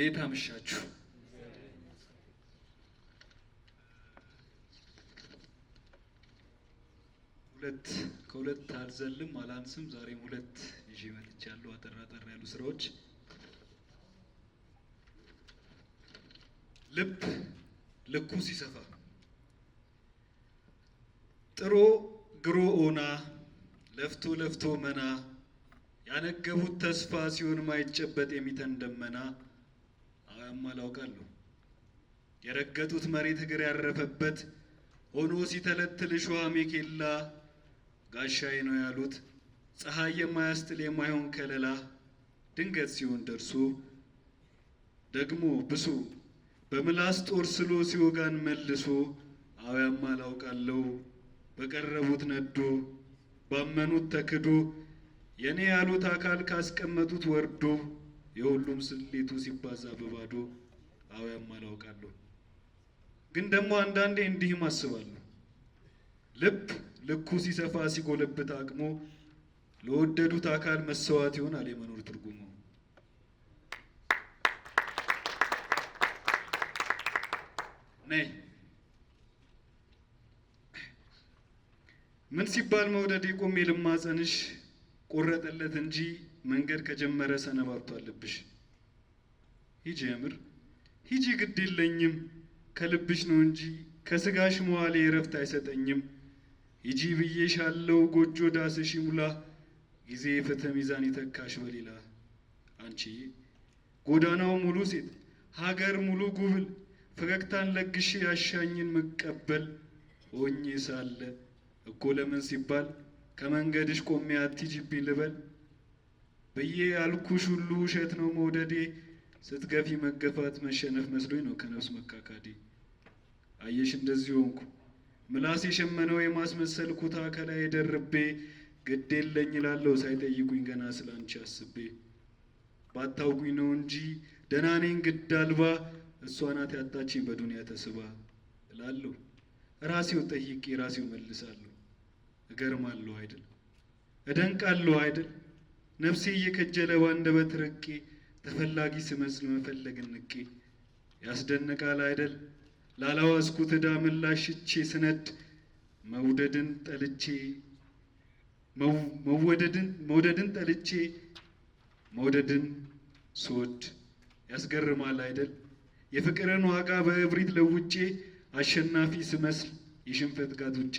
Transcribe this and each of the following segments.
እንዴት አመሻችሁ? ሁለት ከሁለት አልዘልም አላንስም። ዛሬም ሁለት ይዤ መጥቻለሁ። አጠር አጠር ያሉ ስራዎች ልብ ልኩ ሲሰፋ ጥሮ ግሮ ኦና ለፍቶ ለፍቶ መና ያነገቡት ተስፋ ሲሆን ማይጨበጥ የሚተን ደመና ያማል አውቃለሁ። የረገጡት መሬት እግር ያረፈበት ሆኖ ሲተለትል ሸዋ ሜኬላ ጋሻዬ ነው ያሉት ፀሐይ የማያስጥል የማይሆን ከለላ ድንገት ሲሆን ደርሶ ደግሞ ብሱ በምላስ ጦር ስሎ ሲወጋን መልሶ አውያማ ላውቃለው በቀረቡት ነዶ ባመኑት ተክዶ የእኔ ያሉት አካል ካስቀመጡት ወርዶ የሁሉም ስሌቱ ሲባዛ በባዶ አዎ ያማላውቃለሁ። ግን ደግሞ አንዳንዴ እንዲህም አስባለሁ ልብ ልኩ ሲሰፋ ሲጎለብት አቅሞ ለወደዱት አካል መሰዋት ይሆናል የመኖር ትርጉሙ። ነይ ምን ሲባል መውደድ የቆሜ ልማጸንሽ ቆረጠለት እንጂ መንገድ ከጀመረ ሰነባብቶ አለብሽ። ሂጂ የምር ሂጂ፣ ግድ የለኝም ከልብሽ ነው እንጂ ከስጋሽ መዋሌ እረፍት አይሰጠኝም። ሂጂ ብዬሽ አለው ጎጆ ዳስሽ ይሙላ፣ ጊዜ ፍትህ ሚዛን ይተካሽ በሌላ አንቺዬ። ጎዳናው ሙሉ ሴት ሀገር ሙሉ ጉብል ፈገግታን ለግሽ ያሻኝን መቀበል ሆኜ ሳለ እኮ ለምን ሲባል ከመንገድሽ ቆሜ አትሂጂብኝ ልበል ብዬ ሁሉ ውሸት ነው መውደዴ። ስትገፊ መገፋት መሸነፍ መስሎኝ ነው ከነፍስ መካካዴ። አየሽ እንደዚህ ሆንኩ ምላስ የሸመነው የማስመሰል ኩታ ከላይ ደርቤ ግድ የለኝ ላለው ሳይጠይቁኝ ገና ስላንቺ አስቤ። ባታውቁኝ ነው እንጂ ደህና ነኝ ግድ አልባ እሷ ናት ያጣችኝ በዱንያ ተስባ እላለሁ ራሴው ጠይቄ ራሴው መልሳለሁ። እገርማለሁ አይደል እደንቃለሁ አይደል ነፍሴ እየከጀለ ባንደበት ርቄ ተፈላጊ ስመስል መፈለግን ንቄ ያስደንቃል አይደል ላላዋዝኩት ዕዳ ምላሽቼ ስነድ መውደድን ጠልቼ መውደድን ጠልቼ መውደድን ስወድ ያስገርማል አይደል የፍቅርን ዋጋ በእብሪት ለውጬ አሸናፊ ስመስል የሽንፈት ጋት ውጪ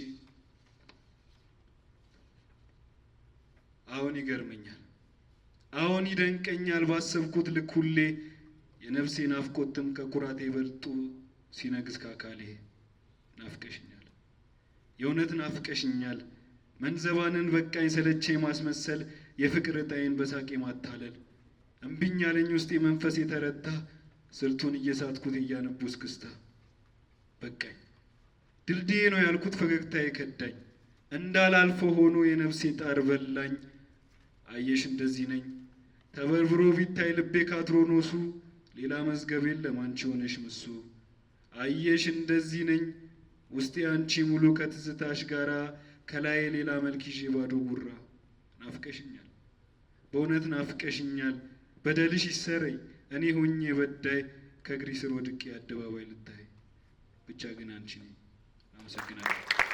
አሁን ይገርመኛል። አሁን ይደንቀኛል ባሰብኩት ልክ ሁሌ የነፍሴ ናፍቆትም ከኩራቴ በልጦ ሲነግስ ከአካሌ ናፍቀሽኛል፣ የእውነት ናፍቀሽኛል። መንዘባንን በቃኝ ሰለቼ ማስመሰል የፍቅር እጣዬን በሳቄ ማታለል እምቢኝ ውስጤ መንፈስ የተረታ ስልቱን እየሳትኩት እያነቡ ክስታ በቃኝ ድልድዬ ነው ያልኩት ፈገግታ የከዳኝ እንዳላልፈ ሆኖ የነፍሴ ጣር በላኝ። አየሽ እንደዚህ ነኝ ተበርብሮ ቢታይ ልቤ ካትሮኖሱ ሌላ መዝገብ የለም አንቺ ሆነሽ ምሱ አየሽ እንደዚህ ነኝ ውስጤ አንቺ ሙሉ ከትዝታሽ ጋራ ከላይ ሌላ መልክ ይዤ ባዶ ጉራ ናፍቀሽኛል በእውነት ናፍቀሽኛል በደልሽ ይሰረይ እኔ ሆኜ በዳይ ከእግሪ ስር ወድቄ አደባባይ ልታይ ብቻ ግን አንቺ ነኝ አመሰግናለሁ